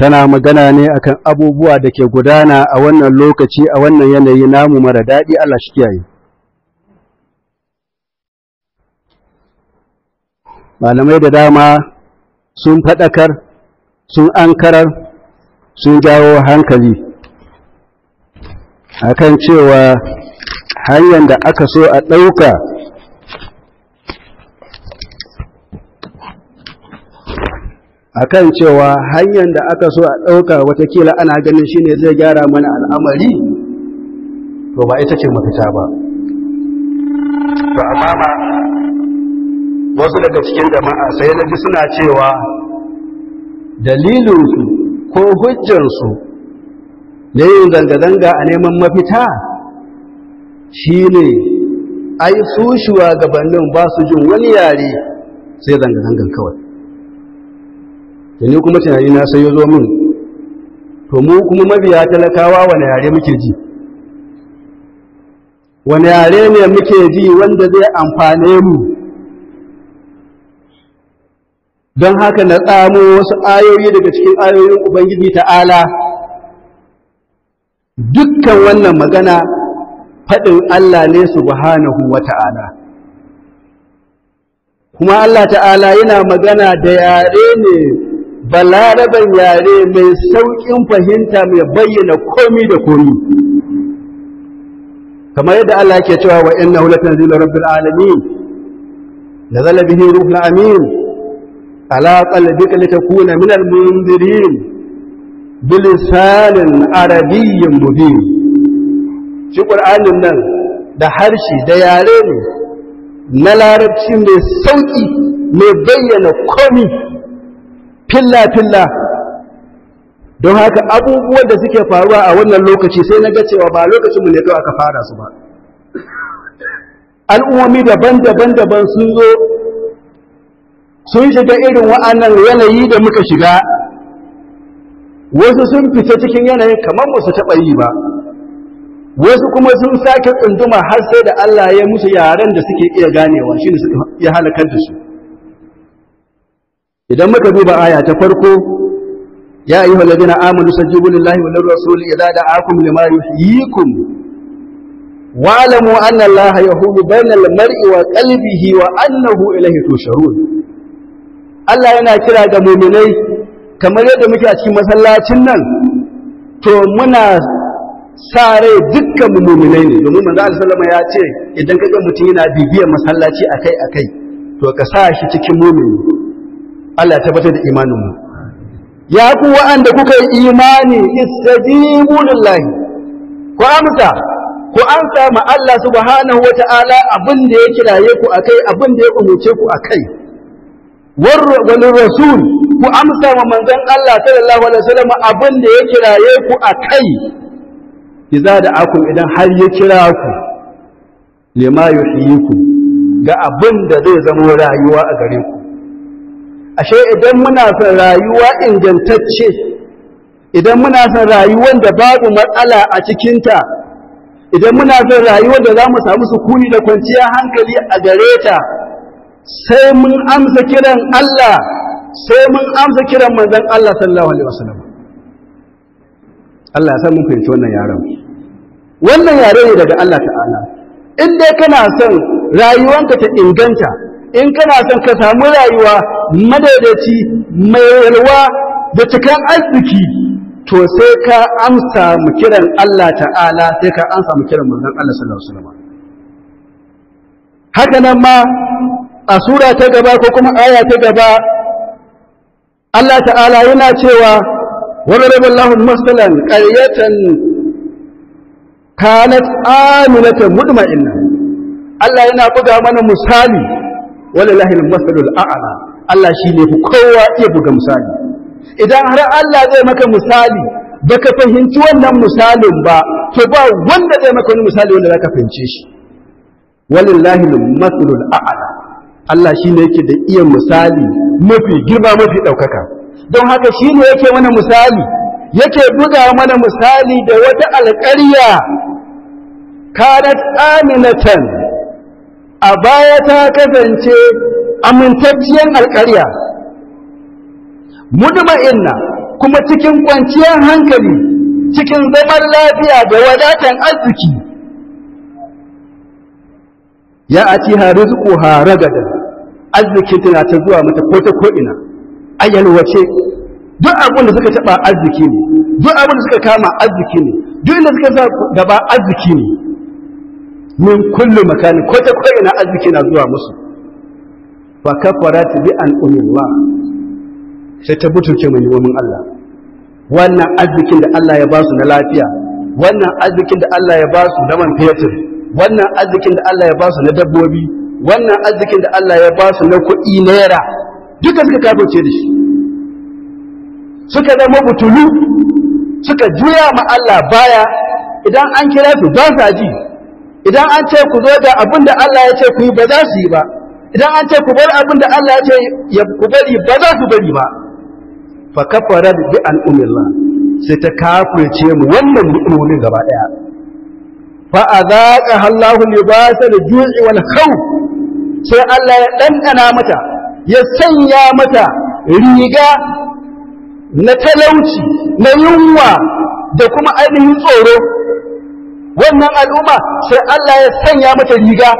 tana magana ne akan abubuwa da ke gudana a wannan lokaci a wannan yanayi namu mara daɗi Allah shi kiyaye. Malamai da dama sun faɗakar, sun ankarar, sun jawo hankali akan cewa hanyar da aka so a ɗauka A kan cewa hanyar da aka so a ɗauka watakila ana ganin shine zai gyara mana al'amari to ba ita ce mafita ba to amma ma wasu daga cikin jama'a sai na ji suna cewa dalilinsu ko hujjarsu na yin zanga-zanga a neman mafita shine ai su gabanin ba su jin wani yare sai zanga-zangan kawai Da ni kuma tunani na sai ya zo min to mu kuma mabiya talakawa wani yare muke ji wani yare ne muke ji wanda zai amfane mu don haka na tsamo wasu ayoyi daga cikin ayoyin ubangiji ta'ala dukkan wannan magana faɗin Allah ne subhanahu wa ta'ala kuma Allah ta'ala yana magana da yare ne balaraban yare mai sauƙin fahimta mai bayyana komi da komi kamar yadda Allah ke cewa wa innahu latanzilu rabbil alamin nazala bihi ruhul amin ala qalbika litakuna min al munzirin bilisanin arabiyyin mubin shi qur'anin nan da harshe da yare ne na larabci mai sauƙi mai bayyana komi filla-filla don haka abubuwan da suke faruwa a wannan lokaci sai na ga cewa ba lokacinmu ne kawai aka fara su ba al'ummomi daban-daban daban sun zo sun shiga irin wa'annan yanayi da muka shiga wasu sun fita cikin yanayin kamar ba taɓa yi ba wasu kuma sun sake tsunduma har sai da Allah ya musu yaren da suke iya ganewa shi ne suka ya halakar da su idan muka duba aya ta farko ya ayyuhal ladina amanu sajibu lillahi wal rasul idza da'akum lima yuhyikum wa alamu anna allaha yahulu bainal mar'i wa qalbihi wa annahu ilayhi tusharun Allah yana kira ga mu'minai kamar yadda muke a cikin masallacin nan to muna sa rai dukkan mu'minai ne domin manzo Allah sallama ya ce idan kaga mutum yana bibiyar masallaci akai akai to ka sa shi cikin mu'mini Allah ya tabbatar da imaninmu ya ku wa'anda kuka yi imani istajibu lillahi ku amsa ku amsa ma Allah subhanahu wata'ala abin da ya kiraye ku akai abin da ya umurce ku akai war rasul ku amsa ma manzon Allah sallallahu alaihi wasallam abin da ya kiraye ku akai idza da aku idan har ya kira ku lima yuhyiku ga abin da zai zama rayuwa a gare ku ashe idan muna son rayuwa ingantacce idan muna son rayuwar da babu matsala a cikinta idan muna son rayuwar da za mu samu sukuni da kwanciyar hankali a gare ta sai mun amsa kiran Allah sai mun amsa kiran manzon Allah sallallahu alaihi wasallam Allah ya san mun fahimci wannan yaron wannan yaron ne daga Allah ta'ala in dai kana son rayuwanka ta inganta in kana son ka samu rayuwa madadaci mai yalwa da cikin arziki to sai ka amsa mu kiran Allah ta'ala sai ka amsa mu kiran manzon Allah sallallahu alaihi wasallam haka nan ma a sura ta gaba ko kuma aya ta gaba Allah ta'ala yana cewa wa الله masalan qaryatan kanat aminatan مطمئنة Allah yana buga mana misali walillahi al-masalul a'la Allah shi ne kowa iya buga misali idan har Allah zai maka misali baka fahimci wannan misalin ba to ba wanda zai maka wani misali wanda zaka fahimce shi walillahi al-masalul a'la Allah ne yake da iya misali mafi girma mafi daukaka don haka shi ne yake mana misali yake buga mana misali da wata alƙarya kanat aminatan a baya ta kasance amintacciyar alƙarya mudma'inna kuma cikin kwanciyar hankali cikin zaman lafiya da wadatan arziki ya a ci harizquha ragadan arziki tana ta zuwa mata ko ta ko'ina a yalwace duk abin da suka taɓa arziki ne duk abin da suka kama arziki ne duk inda suka sa gaba arziki ne min kullum makani ko ta ko'ina arziki na zuwa musu fa kafarat bi an umillah sai ta butulce mai ni'omin Allah wannan arzikin da Allah ya basu na lafiya wannan arzikin da Allah ya basu na man fetur wannan arzikin da Allah ya basu na dabbobi wannan arzikin da Allah ya basu na kuɗi naira duka suka kafoce da shi suka zama buturu, suka juya ma Allah baya idan an kira su ba sa ji idan an ce ku zo da abin da Allah ya ce ku yi ba za su yi ba idan an ce ku bar abin da Allah ya ce ku bari ba za su bari ba fa kafara bi al'umillah sai ta kafirce mu wannan mu'minin gaba daya fa azaqa Allahu libasa al-ju'i wal khawf sai Allah ya dandana mata ya sanya mata riga na talauci na yunwa da kuma ainihin tsoro wannan al'umma sai Allah ya sanya mata riga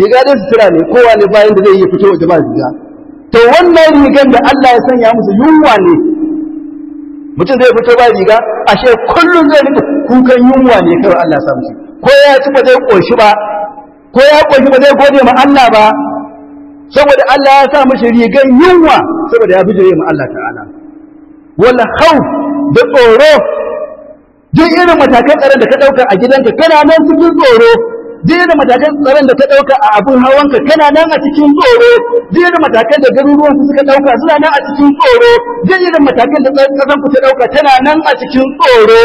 riga din sutura ne kowa ne bayan da zai yi fito waje ba riga to wannan rigan da Allah ya sanya musu yunwa ne mutum zai fito ba riga ashe kullum zai rika kukan yunwa ne kawai Allah ya sa musu ko ya ci ba zai koshi ba ko ya koshi ba zai gode ma Allah ba saboda Allah ya sa mishi rigan yunwa saboda ya bijire ma Allah ta'ala wala khawf da tsoro duk irin matakan tsaron da ka ɗauka a gidanka kana nan cikin tsoro duk irin matakan tsaron da ka ɗauka a abin hawanka kana nan a cikin tsoro duk irin matakan da garuruwan su suka ɗauka suna nan a cikin tsoro duk irin matakan da ƙasan ku ta ɗauka tana nan a cikin tsoro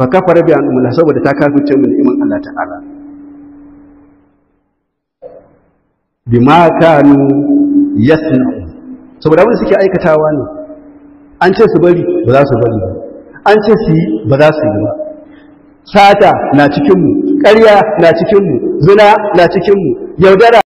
fa kafara bi anumullah saboda ta kafirce mu ni'iman Allah ta'ala bima kanu yasna'u saboda abin da suke aikatawa ne an ce su bari ba za su bari ba an ce su yi ba za su yi ba sata na cikinmu ƙarya na cikinmu zina na cikinmu yaudara